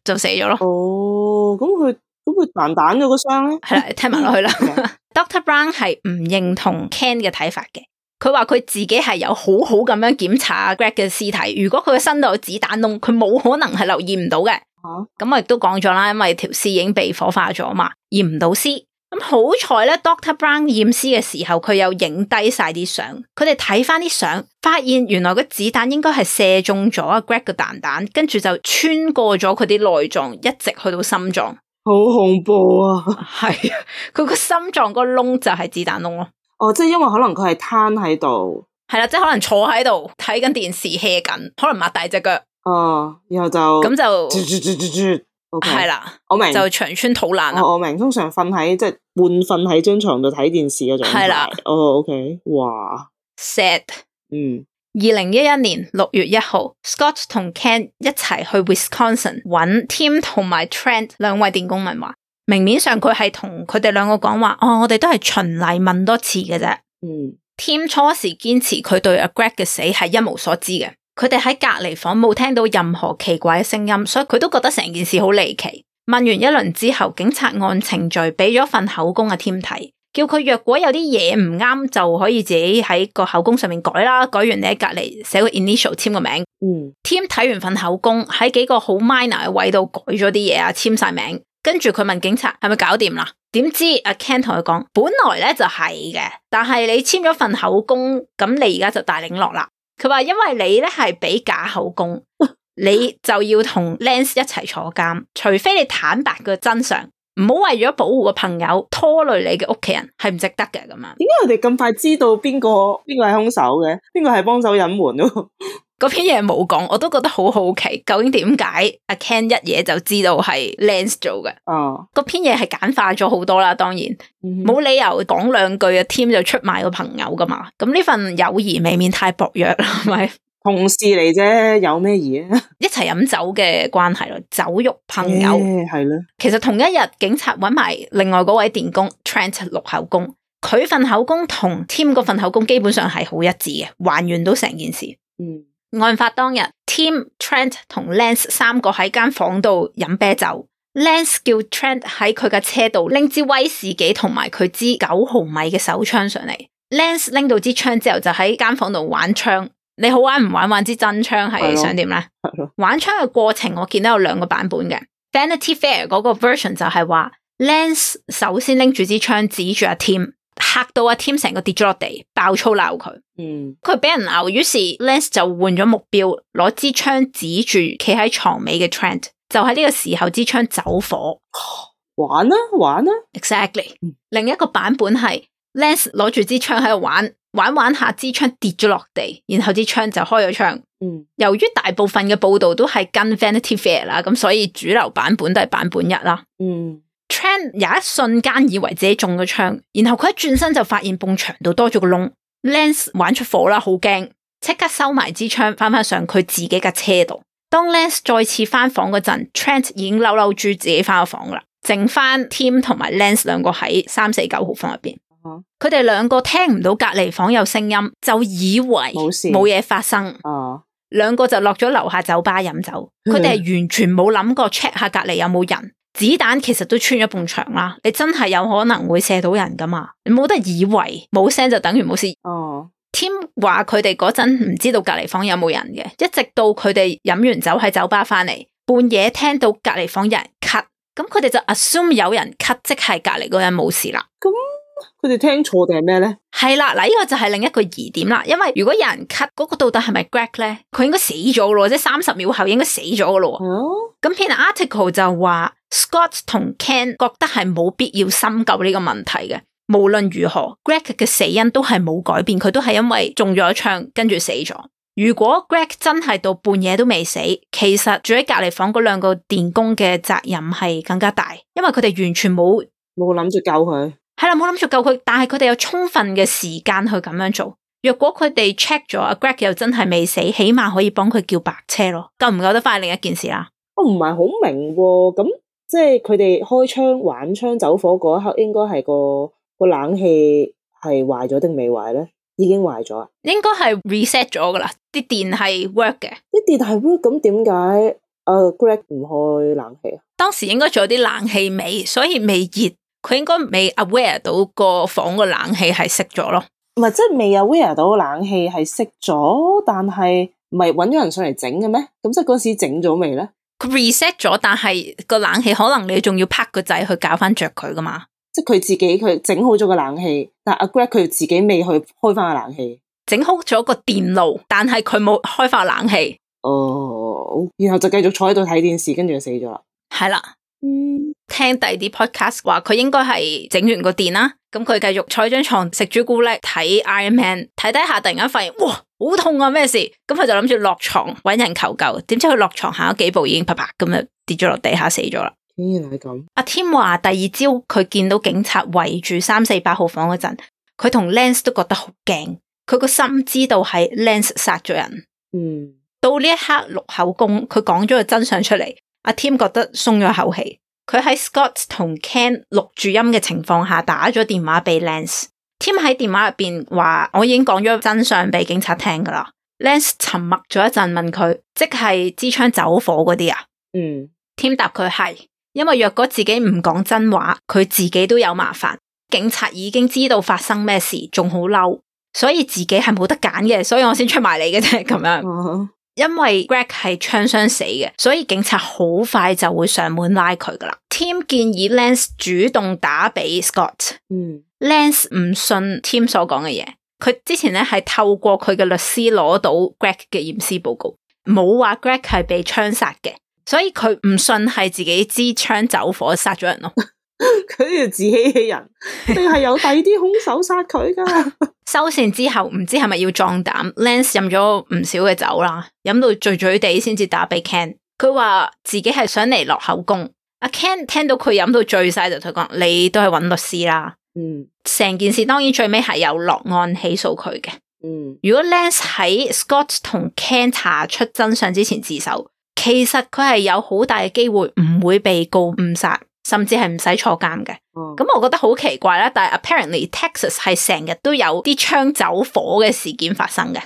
就死咗咯。哦，咁佢咁佢彈彈咗個傷。係啦，聽埋落去啦。 Doctor Brown 係唔認同 Ken 嘅睇法嘅，佢話佢自己係有好好咁樣檢查 Greg 嘅屍體。如果佢嘅身度有子彈窿，佢冇可能係留意唔到嘅。咁、啊、我亦都講咗啦，因為條屍已經被火化咗嘛，驗唔到屍。咁好彩咧，Doctor Brown 驗屍嘅時候，佢又影低晒啲相。佢哋睇翻啲相，發現原來個子彈應該係射中咗阿 Greg 嘅蛋蛋，跟住就穿過咗佢啲內臟，一直去到心臟。好恐怖啊！係、啊，佢個心臟個窿就係子彈窿咯。哦，即係因為可能佢係攤喺度，係啦、啊，即係可能坐喺度睇緊電視 hea 緊，可能擘大隻腳。哦，然後就咁就，係啦， 我明就腸穿肚爛啦，我明通常瞓喺，即係半瞓喺張床度睇電視嗰種係啦，哦、oh,，OK，哇，sad，嗯，二零一一年六月一號，Scott 同 Ken 一齊去 Wisconsin 搵 Tim 同埋 Trent 兩位電工問話。明面上佢係同佢哋兩個講話，哦，我哋都係循例問多次嘅啫。嗯，Tim 初時堅持佢對 Greg 嘅死係一無所知嘅。佢哋喺隔離房冇聽到任何奇怪嘅聲音，所以佢都覺得成件事好離奇。問完一輪之後，警察按程序俾咗份口供阿添睇，叫佢若果有啲嘢唔啱，就可以自己喺個口供上面改啦。改完你喺隔離寫個 initial 簽個名。嗯，添睇完份口供喺幾個好 minor 嘅位度改咗啲嘢啊，簽晒名。跟住佢問警察係咪搞掂啦？點知阿 Ken 同佢講，本來咧就係、是、嘅，但係你簽咗份口供，咁你而家就大領落啦。佢話因為你咧係俾假口供，你就要同 Lance 一齊坐監，除非你坦白個真相，唔好為咗保護個朋友，拖累你嘅屋企人，係唔值得嘅咁啊！點解我哋咁快知道邊個邊個係兇手嘅？邊個係幫手隱瞞咯？ 嗰篇嘢冇講，我都覺得好好奇，究竟點解阿 Ken 一嘢就知道係 Lance 做嘅？哦，嗰篇嘢係簡化咗好多啦，當然冇、嗯、理由講兩句啊、嗯、，Tim 就出賣個朋友噶嘛，咁呢份友誼未免太薄弱啦，係咪？同事嚟啫，有咩嘢？一齊飲酒嘅關係咯，酒肉朋友係咯、欸。其實同一日警察搵埋另外嗰位電工 Trent 錄口供，佢份口供同 Tim 嗰份口供基本上係好一致嘅，還原到成件事。嗯。案發當日，Tim、Trent 同 Lance 三個喺間房度飲啤酒。Lance 叫 Trent 喺佢嘅車度拎支威士忌同埋佢支九毫米嘅手槍上嚟。Lance 拎到支槍之後就喺間房度玩槍。你好玩唔玩玩支真槍係想點咧？玩槍嘅過程我見到有兩個版本嘅。Vanity Fair 嗰個 version 就係話，Lance 首先拎住支槍指住阿 Tim。吓到阿 Tim 成個跌咗落地，爆粗鬧佢。嗯，佢俾人鬧，於是 Lance 就換咗目標，攞支槍指住企喺床尾嘅 Trent。就喺呢個時候，支槍走火。玩啦、啊，玩啦、啊。Exactly。嗯。另一個版本係 Lance 攞住支槍喺度玩，玩玩下支槍跌咗落地，然後支槍就開咗槍。嗯，由於大部分嘅報道都係跟 Vanity Fair 啦，咁所以主流版本都係版本一啦。嗯。Trent 有一瞬間以為自己中咗槍，然後佢一轉身就發現埲牆度多咗個窿。Lance 玩出火啦，好驚，即刻收埋支槍，翻翻上佢自己嘅車度。當 Lance 再次翻房嗰陣，Trent 已經嬲嬲住自己翻咗房啦，剩翻 Tim 同埋 Lance 兩個喺三四九號房入邊。佢哋兩個聽唔到隔籬房有聲音，就以為冇事，冇嘢發生。哦，兩個就落咗樓下酒吧飲酒，佢哋係完全冇諗過 check 下隔籬有冇人。子彈其實都穿咗一埲牆啦，你真係有可能會射到人噶嘛？你冇得以為冇聲就等於冇事。哦 team 話佢哋嗰陣唔知道隔離房有冇人嘅，一直到佢哋飲完酒喺酒吧翻嚟，半夜聽到隔離房有人咳，咁佢哋就 assume 有人咳，即係隔離嗰人冇事啦。Oh. 佢哋聽錯定係咩咧？係啦，嗱，呢個就係另一個疑點啦。因為如果有人 cut，嗰個到底係咪 Greg 咧？佢應該死咗咯，即三十秒後應該死咗咯。哦、oh?。咁，片個 article 就話，Scott 同 Ken 覺得係冇必要深究呢個問題嘅。無論如何，Greg 嘅死因都係冇改變，佢都係因為中咗槍跟住死咗。如果 Greg 真係到半夜都未死，其實住喺隔籬房嗰兩個電工嘅責任係更加大，因為佢哋完全冇冇諗住救佢。係啦，冇諗住救佢，但係佢哋有充分嘅時間去咁樣做。若果佢哋 check 咗，阿 Greg 又真係未死，起碼可以幫佢叫白車咯。夠唔夠得翻係另一件事啦。我唔係好明喎，咁即係佢哋開槍玩槍走火嗰一刻，應該係個個冷氣係壞咗定未壞咧？已經壞咗啊？應該係 reset 咗噶啦，啲電係 work 嘅。啲電係 work，咁點解阿 Greg 唔開冷氣啊？當時應該仲有啲冷氣尾，所以未熱。佢應該未 aware 到個房個冷氣係熄咗咯，唔係即係未 aware 到冷氣係熄咗，但係唔係揾咗人上嚟整嘅咩？咁即係嗰時整咗未咧？佢 reset 咗，但係個冷氣可能你仲要拍個掣去搞翻着佢噶嘛？即係佢自己佢整好咗個冷氣，但係阿 Greg 佢自己未去開翻個冷氣，整好咗個電路，但係佢冇開翻冷氣。哦，然後就繼續坐喺度睇電視，跟住就死咗啦。係啦。聽第二啲 podcast 話佢應該係整完個電啦，咁佢繼續坐喺張床食朱古力睇 Iron Man，睇低下突然間發現哇，好痛啊，咩事？咁佢就諗住落床揾人求救，點知佢落床行咗幾步已經啪啪咁就跌咗落地下死咗啦。竟然係咁，阿添話第二朝佢見到警察圍住三四八號房嗰陣，佢同 Lance 都覺得好驚，佢個心知道係 Lance 殺咗人。嗯，到呢一刻錄口供，佢講咗個真相出嚟。阿 Tim 覺得鬆咗口氣，佢喺 Scott 同 Ken 錄住音嘅情況下打咗電話俾 Lance。Tim 喺電話入邊話：，我已經講咗真相俾警察聽噶啦。Lance 沉默咗一陣，問佢：，即係支槍走火嗰啲啊？嗯、mm.，Tim 答佢係，因為若果自己唔講真話，佢自己都有麻煩。警察已經知道發生咩事，仲好嬲，所以自己係冇得揀嘅。所以我先出埋嚟嘅啫，咁樣。Mm -hmm. 因為 Greg 係槍傷死嘅，所以警察好快就會上門拉佢噶啦。Tim 建議 Lance 主動打俾 Scott 嗯。嗯，Lance 唔信 Tim 所講嘅嘢，佢之前咧係透過佢嘅律師攞到 Greg 嘅驗屍報告，冇話 Greg 係被槍殺嘅，所以佢唔信係自己支槍走火殺咗人咯。 佢 要自欺欺人，定係有第二啲凶手殺佢噶？ 收線之後，唔知係咪要壯膽？Lance 飲咗唔少嘅酒啦，飲到醉醉地先至打俾 Ken。佢話自己係想嚟落口供。阿 Ken 聽到佢飲到醉晒，就同佢講：你都係揾律師啦。嗯，成件事當然最尾係有落案起訴佢嘅。嗯，如果 Lance 喺 Scott 同 Ken 查出真相之前自首，其實佢係有好大嘅機會唔會被告誤殺。甚至係唔使坐監嘅，咁、嗯、我覺得好奇怪啦。但係 apparently Texas 係成日都有啲槍走火嘅事件發生嘅，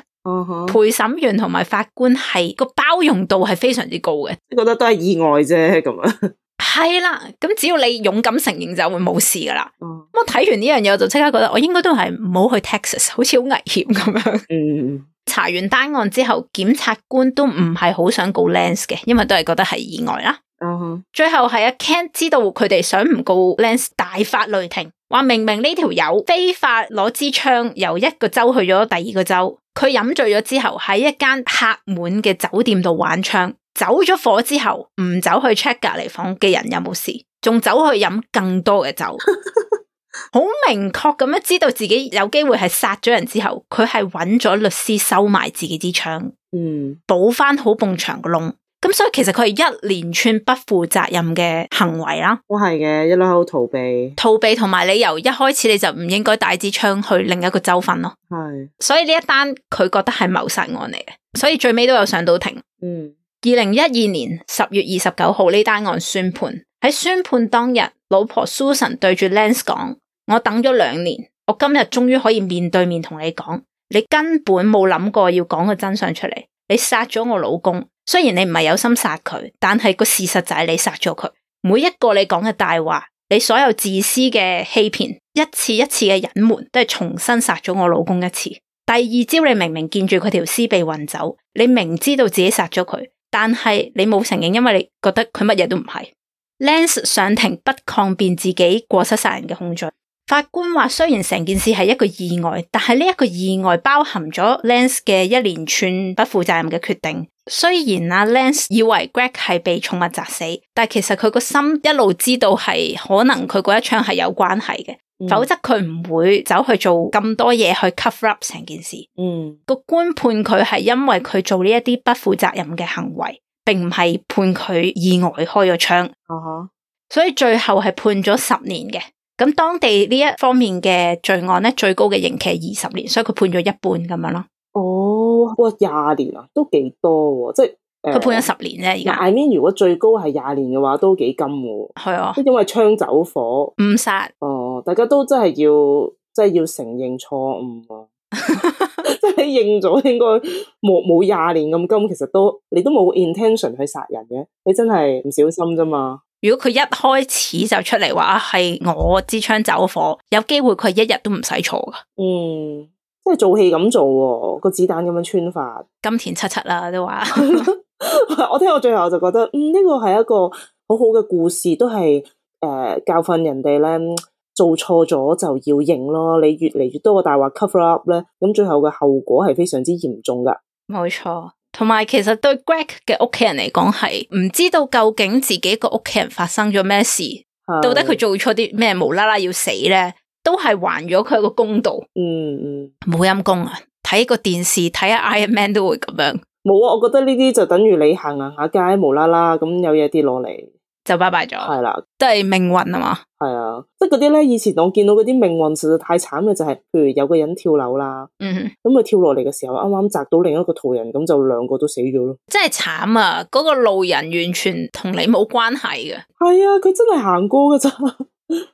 陪審員同埋法官係個包容度係非常之高嘅，你覺得都係意外啫咁樣。係啦，咁只要你勇敢承認就會冇事噶啦。咁、嗯、我睇完呢樣嘢我就即刻覺得我應該都係唔好去 Texas，好似好危險咁樣、嗯。查完單案之後，檢察官都唔係好想告 Lance 嘅，因為都係覺得係意外啦。Uh -huh. 最後係阿 Ken 知道佢哋想唔告 Lance 大發雷霆，話明明呢條友非法攞支槍由一個州去咗第二個州，佢飲醉咗之後喺一間客滿嘅酒店度玩槍，走咗火之後唔走去 check 隔籬房嘅人有冇事，仲走去飲更多嘅酒，好 明確咁樣知道自己有機會係殺咗人之後，佢係揾咗律師收埋自己支槍，嗯，補翻好埲牆個窿。咁所以其實佢係一連串不負責任嘅行為啦，都係嘅，一路喺度逃避，逃避同埋理由一開始你就唔應該帶支槍去另一個州份咯，係，所以呢一單佢覺得係謀殺案嚟嘅，所以最尾都有上到庭，嗯，二零一二年十月二十九號呢單案宣判，喺宣判當日，老婆 Susan 對住 Lance 講：我等咗兩年，我今日終於可以面對面同你講，你根本冇諗過要講個真相出嚟。你殺咗我老公，雖然你唔係有心殺佢，但係個事實就係你殺咗佢。每一個你講嘅大話，你所有自私嘅欺騙，一次一次嘅隱瞞，都係重新殺咗我老公一次。第二朝你明明見住佢條屍被運走，你明知道自己殺咗佢，但係你冇承認，因為你覺得佢乜嘢都唔係。Lance 上庭不抗辯自己過失殺人嘅控罪。法官話：雖然成件事係一個意外，但係呢一個意外包含咗 Lance 嘅一連串不負責任嘅決定。雖然阿 Lance 以為 Greg 係被重物砸死，但其實佢個心一路知道係可能佢嗰一槍係有關係嘅，嗯，否則佢唔會走去做咁多嘢去 cover up 成件事。嗯，個官判佢係因為佢做呢一啲不負責任嘅行為，並唔係判佢意外開咗槍，啊。所以最後係判咗十年嘅。咁當地呢一方面嘅罪案咧，最高嘅刑期係二十年，所以佢判咗一半咁樣咯。哦，哇，廿年啊，都幾多喎！即係佢、呃、判咗十年啫。而家 I mean，如果最高係廿年嘅話，都幾金嘅。係啊、哦，因為槍走火誤殺。哦，大家都真係要，真係要承認錯誤。即係你認咗，應該冇冇廿年咁金，其實都你都冇 intention 去殺人嘅，你真係唔小心啫嘛。如果佢一開始就出嚟話係我支槍走火，有機會佢一日都唔使坐噶。嗯，即係做戲咁做個子彈咁樣穿法，金田七七啦都話。 我聽我最後我就覺得，嗯，呢個係一個很好好嘅故事，都係誒、呃、教訓人哋咧，做錯咗就要認咯。你越嚟越多嘅大話 cover up 咧，咁最後嘅後果係非常之嚴重噶。冇錯。同埋，其實對 Greg 嘅屋企人嚟講，係唔知道究竟自己個屋企人發生咗咩事，到底佢做錯啲咩，無啦啦要死咧，都係還咗佢個公道。嗯嗯，冇陰功啊！睇個電視，睇下 Iron Man 都會咁樣。冇啊！我覺得呢啲就等於你行行下街，無啦啦咁有嘢跌落嚟。就拜拜咗，係啦，都係命運啊嘛，係啊，即係嗰啲咧，以前我見到嗰啲命運實在太慘嘅，就係、是、譬如有個人跳樓啦，咁、嗯、佢跳落嚟嘅時候，啱啱砸到另一個途人，咁就兩個都死咗咯，真係慘啊！嗰、個路人完全同你冇關係嘅，係啊，佢真係行過噶咋。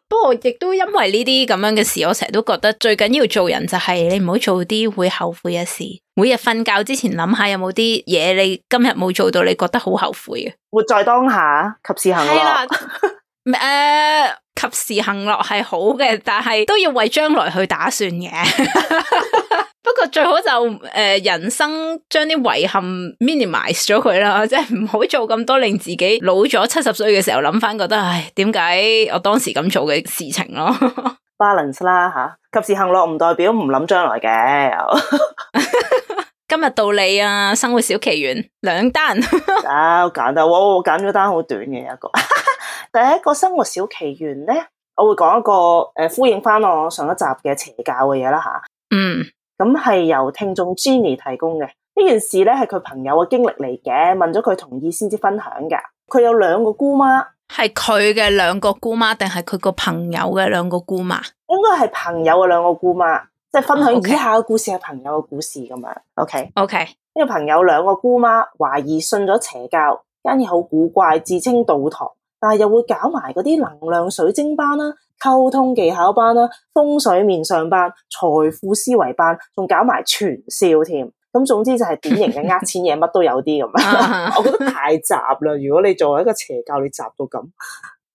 不過亦都因為呢啲咁樣嘅事，我成日都覺得最緊要做人就係你唔好做啲會後悔嘅事。每日瞓覺之前諗下有冇啲嘢你今日冇做到，你覺得好後悔嘅。活在當下，及時行樂。係啦，誒、呃，及時行樂係好嘅，但係都要為將來去打算嘅。 不過最好就誒、呃，人生將啲遺憾 minimize 咗佢啦，即係唔好做咁多，令自己老咗七十歲嘅時候諗翻，覺得唉，點解我當時咁做嘅事情咯？Balance 啦吓、啊，及時行樂唔代表唔諗將來嘅。啊、 今日到你啊，生活小奇緣兩單，好、 啊、簡單。我我揀咗單好短嘅一個， 第一個生活小奇緣咧，我會講一個誒、呃，呼應翻我上一集嘅邪教嘅嘢啦吓。嗯。咁、嗯、係由聽眾 Jenny 提供嘅呢件事咧，係佢朋友嘅經歷嚟嘅，問咗佢同意先至分享噶。佢有兩個姑媽，係佢嘅兩個姑媽，定係佢個朋友嘅兩個姑媽？應該係朋友嘅兩個姑媽，即係分享以下嘅故事係朋友嘅故事咁樣。Oh, OK OK，呢、okay. 個朋友兩個姑媽懷疑信咗邪教，因而好古怪，自稱道堂。但係又會搞埋嗰啲能量水晶班啦、啊、溝通技巧班啦、啊、風水面上班、財富思維班，仲搞埋傳銷添。咁總之就係典型嘅呃錢嘢，乜都有啲咁。我覺得太雜啦。如果你作為一個邪教，你雜到咁，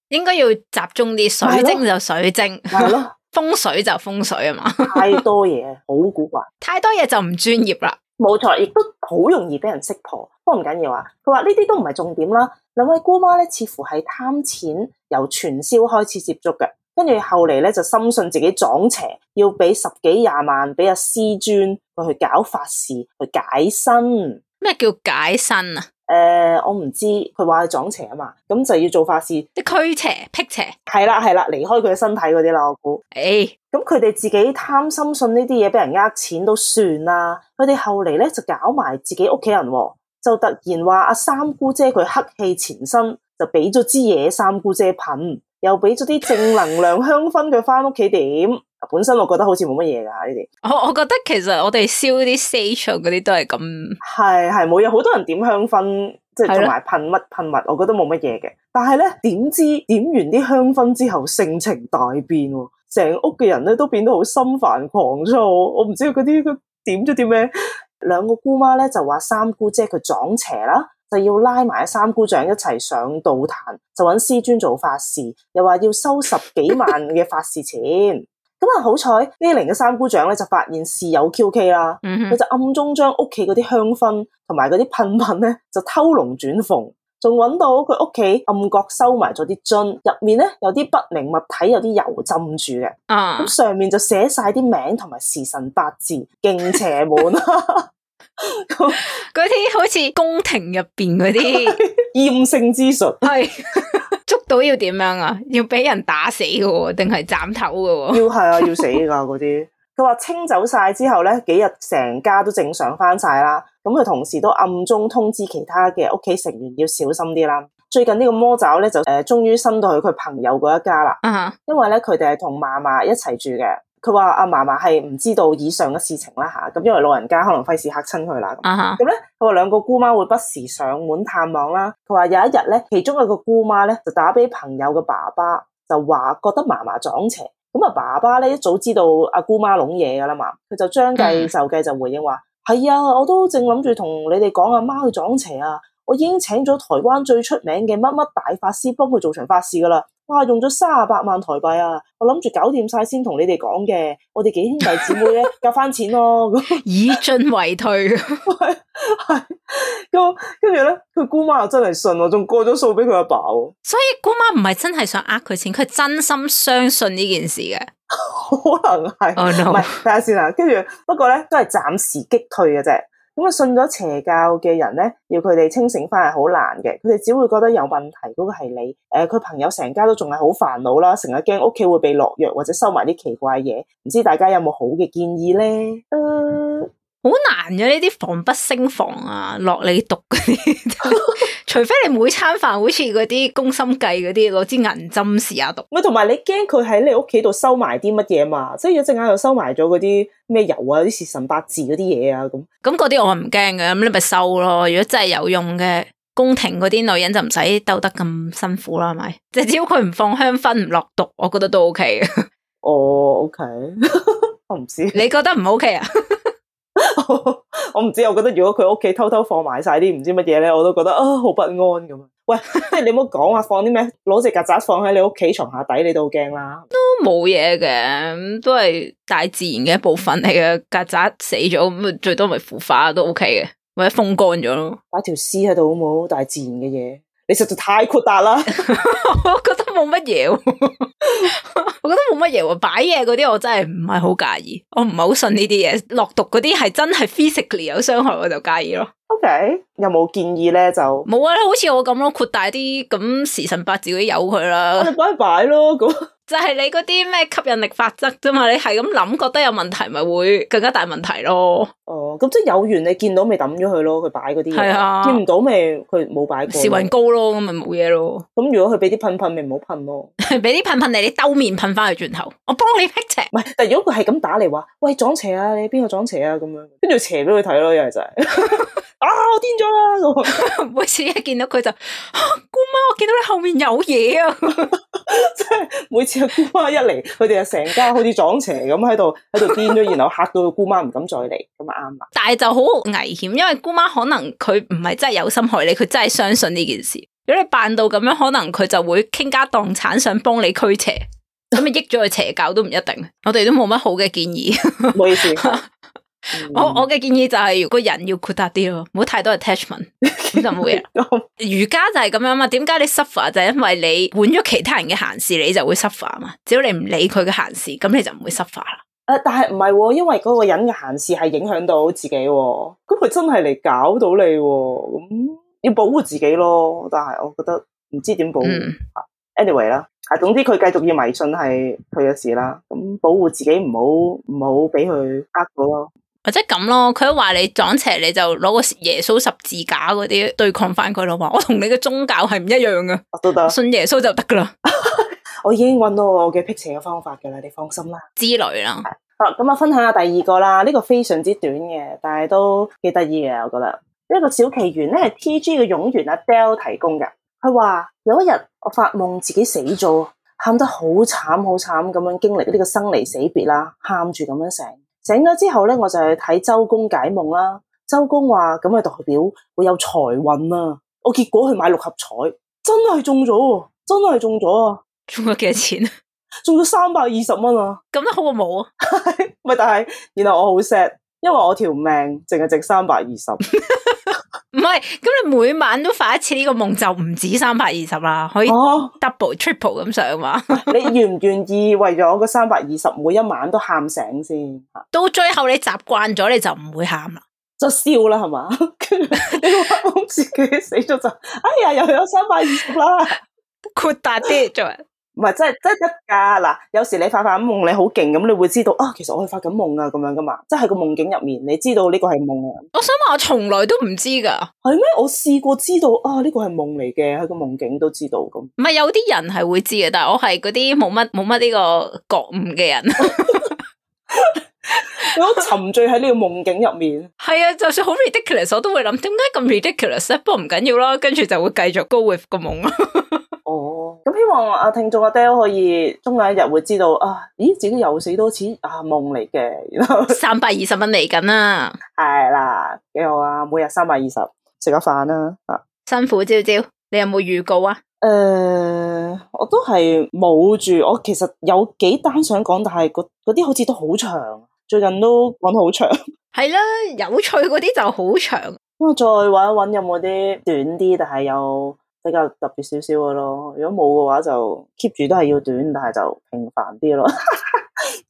應該要集中啲，水晶就水晶，係咯， 風水就風水啊嘛。 太多嘢，好古怪，太多嘢就唔專業啦。冇錯，亦都好容易俾人識破。不過唔緊要啊。佢話呢啲都唔係重點啦。兩位姑媽咧，似乎係貪錢由傳銷開始接觸嘅，跟住後嚟咧就深信自己撞邪，要俾十幾廿萬俾阿師尊去去搞法事去解身。咩叫解身啊？誒、呃，我唔知，佢話係撞邪啊嘛，咁就要做法事，即驅邪辟邪。係啦係啦，離開佢嘅身體嗰啲啦，我估。誒、哎，咁佢哋自己貪心信呢啲嘢，俾人呃錢都算啦。佢哋後嚟咧就搞埋自己屋企人。就突然話阿三姑姐佢黑氣纏身，就俾咗支嘢三姑姐噴，又俾咗啲正能量香薰。佢翻屋企點。本身我覺得好似冇乜嘢噶呢啲。我我覺得其實我哋燒啲 stage 嗰啲都係咁，係係冇有好多人點香薰，即係同埋噴物噴物，我覺得冇乜嘢嘅。但係咧，點知點完啲香薰之後性情大變，成屋嘅人咧都變得好心煩狂躁。我唔知佢啲佢點咗啲咩。兩個姑媽咧就話三姑姐佢撞邪啦，就要拉埋三姑丈一齊上道壇，就揾師尊做法事，又話要收十幾萬嘅法事錢。咁 啊好彩呢零嘅三姑丈咧就發現事有蹊蹺啦，佢、mm -hmm. 就暗中將屋企嗰啲香薰同埋嗰啲噴噴咧就偷龍轉鳳。仲揾到佢屋企暗角收埋咗啲樽，入面咧有啲不明物體，有啲油浸住嘅。啊！咁上面就寫晒啲名同埋時辰八字，勁邪門。嗰啲 好似宮廷入邊嗰啲厭勝之術，係 捉 到要點樣啊？要俾人打死嘅喎，定係斬頭嘅喎？ 要係啊，要死㗎嗰啲。佢話清走晒之後咧，幾日成家都正常翻晒啦。咁佢同時都暗中通知其他嘅屋企成員要小心啲啦。最近呢個魔爪咧就誒終於伸到去佢朋友嗰一家啦。Uh -huh. 因為咧佢哋係同嫲嫲一齊住嘅。佢話阿嫲嫲係唔知道以上嘅事情啦咁、啊、因為老人家可能費事嚇親佢啦。咁咧佢話兩個姑媽會不時上門探望啦。佢話有一日咧，其中一個姑媽咧就打俾朋友嘅爸爸，就話覺得嫲嫲撞邪。咁啊爸爸咧一早知道阿、啊、姑媽弄嘢噶啦嘛，佢就將計就計就回應話。Uh -huh. 係啊，我都正諗住同你哋講阿媽去撞邪啊！我已經請咗台灣最出名嘅乜乜大法師幫佢做場法事噶啦，哇！用咗三十八萬台幣啊，我諗住搞掂晒先同你哋講嘅，我哋幾兄弟姊妹咧夾翻錢咯。以進為退，係跟住咧，佢姑媽又真係信了我，仲過咗數俾佢阿爸。所以姑媽唔係真係想呃佢錢，佢真心相信呢件事嘅， 可能係唔係睇下先啊。跟住不過咧，都係暫時擊退嘅啫。咁啊，信咗邪教嘅人咧，要佢哋清醒返係好難嘅，佢哋只會覺得有問題，嗰個係你。誒、呃，佢朋友成家都仲係好煩惱啦，成日驚屋企會被落藥或者收埋啲奇怪嘢。唔知大家有冇好嘅建議咧？嗯好難嘅，呢啲防不勝防啊！落你毒嗰啲， 除非你每餐飯好似嗰啲宮心計嗰啲，攞支銀針試下毒。唔同埋你驚佢喺你屋企度收埋啲乜嘢嘛？即係一隻眼又收埋咗嗰啲咩油啊，啲神八字嗰啲嘢啊咁。咁嗰啲我唔驚嘅，咁你咪收咯。如果真係有用嘅宮廷嗰啲女人就唔使鬥得咁辛苦啦，係咪？即係只要佢唔放香薰唔落毒，我覺得都、oh, OK。哦，OK，我唔知。你覺得唔 OK 啊？ 我唔知，我覺得如果佢屋企偷偷放埋晒啲唔知乜嘢咧，我都覺得啊，好不安咁喂， 即係你唔好講啊，放啲咩？攞隻曱甴放喺你屋企床下底，你都驚啦。都冇嘢嘅，都係大自然嘅一部分嚟嘅。曱甴死咗，咁最多咪腐化都 OK 嘅，或者風乾咗咯。擺條屍喺度好冇，大自然嘅嘢，你實在太豁達啦。 我覺得。冇乜嘢，我覺得冇乜嘢喎，擺嘢嗰啲我真係唔係好介意，我唔係好信呢啲嘢，落毒嗰啲係真係 physically 有傷害我就介意咯。OK，有冇建議咧？就冇啊，好似我咁咯，擴大啲咁時辰八字嗰，有佢啦，哎放那個，就擺擺咯咁。就係你嗰啲咩吸引力法則啫嘛，你係咁諗覺得有問題咪會更加大問題咯。哦，咁即係有緣你見到咪抌咗佢咯，佢擺嗰啲嘢，見唔到咪佢冇擺過。時運高咯，咁咪冇嘢咯。咁如果佢俾啲噴噴咪冇。噴咯，俾啲噴噴嚟，你兜面噴翻去轉頭，我幫你辟邪。唔係，但係如果佢係咁打嚟話，喂，撞邪啊，你邊個撞邪啊？咁樣跟住邪俾佢睇咯，又係就係、是、 啊，我癲咗啦！ 每次一見到佢就、啊、姑媽，我見到你後面有嘢啊！即 係每次阿姑媽一嚟，佢哋就成家好似撞邪咁喺度喺度癲咗，然後嚇到姑媽唔敢再嚟，咁啊啱啦。但係就好危險，因為姑媽可能佢唔係真係有心害你，佢真係相信呢件事。如果你扮到咁樣，可能佢就會傾家蕩產，想幫你驅邪，咁 咪益咗佢邪教都唔一定。我哋都冇乜好嘅建議，唔好 意思 嗯。我我嘅建議就係、是、如果人要豁達啲咯，唔好太多 attachment， 就冇嘢。 瑜伽就係咁樣嘛，點解你 suffer 就係因為你管咗其他人嘅閒事，你就會 suffer 嘛。只要你唔理佢嘅閒事，咁你就唔會 suffer 了。誒、啊，但係唔係，因為嗰個人嘅閒事係影響到自己、哦，咁佢真係嚟搞到你咁、哦。要保護自己咯，但係我覺得唔知點保護、嗯。Anyway 啦，啊，總之佢繼續要迷信係佢嘅事啦。咁保護自己唔好唔好俾佢呃到咯，或者咁咯。佢都話你撞邪，你就攞個耶穌十字架嗰啲對抗翻佢咯嘛。話我同你嘅宗教係唔一樣噶，啊、都得信耶穌就得噶啦。 我已經揾到我嘅辟邪嘅方法噶啦，你放心啦。之類啦，好啦，咁啊，分享下第二個啦。呢、呢個非常之短嘅，但係都幾得意嘅，我覺得。呢、這個小奇緣咧，係 TG 嘅勇員阿 Dell 提供嘅。佢話，有一日我發夢自己死咗，喊得好慘好慘咁樣經歷呢個生離死別啦，喊住咁樣醒醒咗之後咧，我就去睇周公解夢啦。周公話咁啊代表會有財運啊。我結果去買六合彩，真係中咗，真係中咗啊！中咗幾多錢？中咗三百二十蚊啊！咁都好過冇啊！係， 但係然後我好 sad。因為我條命淨係值三百二十，唔係，咁你每晚都發一次呢個夢就唔止三百二十啦，可以 double，哦、triple 咁上嘛。你願唔願意為咗我個三百二十，每一晚都喊醒先？到最後你習慣咗，你就唔會喊啦，就笑啦係嘛？你話自己死咗就哎呀又有三百二十啦，豁達啲就。唔係，真係真係得噶嗱。有時你發發夢，你好勁咁，你會知道啊，其實我係發緊夢啊，咁樣噶嘛，即係個夢境入面，你知道呢個係夢啊。我想話，我從來都唔知噶。係咩？我試過知道啊，呢個係夢嚟嘅，喺個夢境都知道咁。唔係有啲人係會知嘅，但係我係嗰啲冇乜冇乜呢個覺悟嘅人，好 沉醉喺呢個夢境入面。係 啊，就算好 ridiculous，我都會諗點解咁 ridiculous，不過唔緊要囉，跟住就會繼續 go with 個夢。咁希望阿聽眾阿 Del 可以終有一日會知道啊！咦，自己又死多次啊，夢嚟嘅，三百二十蚊嚟緊啦，係啦、啊，幾好啊！每日三百二十，食個飯啦，啊，辛苦朝朝，你有冇預告啊？誒、呃，我都係冇住，我其實有幾單想講，但係嗰啲好似都好長，最近都搵到好長，係啦，有趣嗰啲就好長，咁我再搵一搵有冇啲短啲，但係有。比較特別少少嘅咯，如果冇嘅話就 keep 住都係要短，但係就平凡啲咯，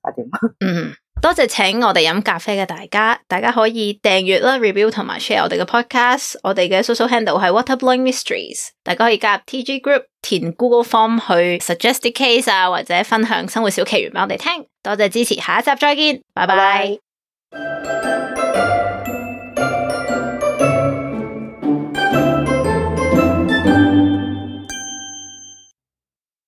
係點？嗯，多謝請我哋飲咖啡嘅大家，大家可以訂閱啦，review 同埋 share 我哋嘅 podcast，我哋嘅 social handle 係 Water Blowing Mysteries，大家可以加入 tg group，填 google form 去 suggest the case 啊，或者分享生活小奇懸俾我哋聽，多謝支持，下一集再見，拜拜。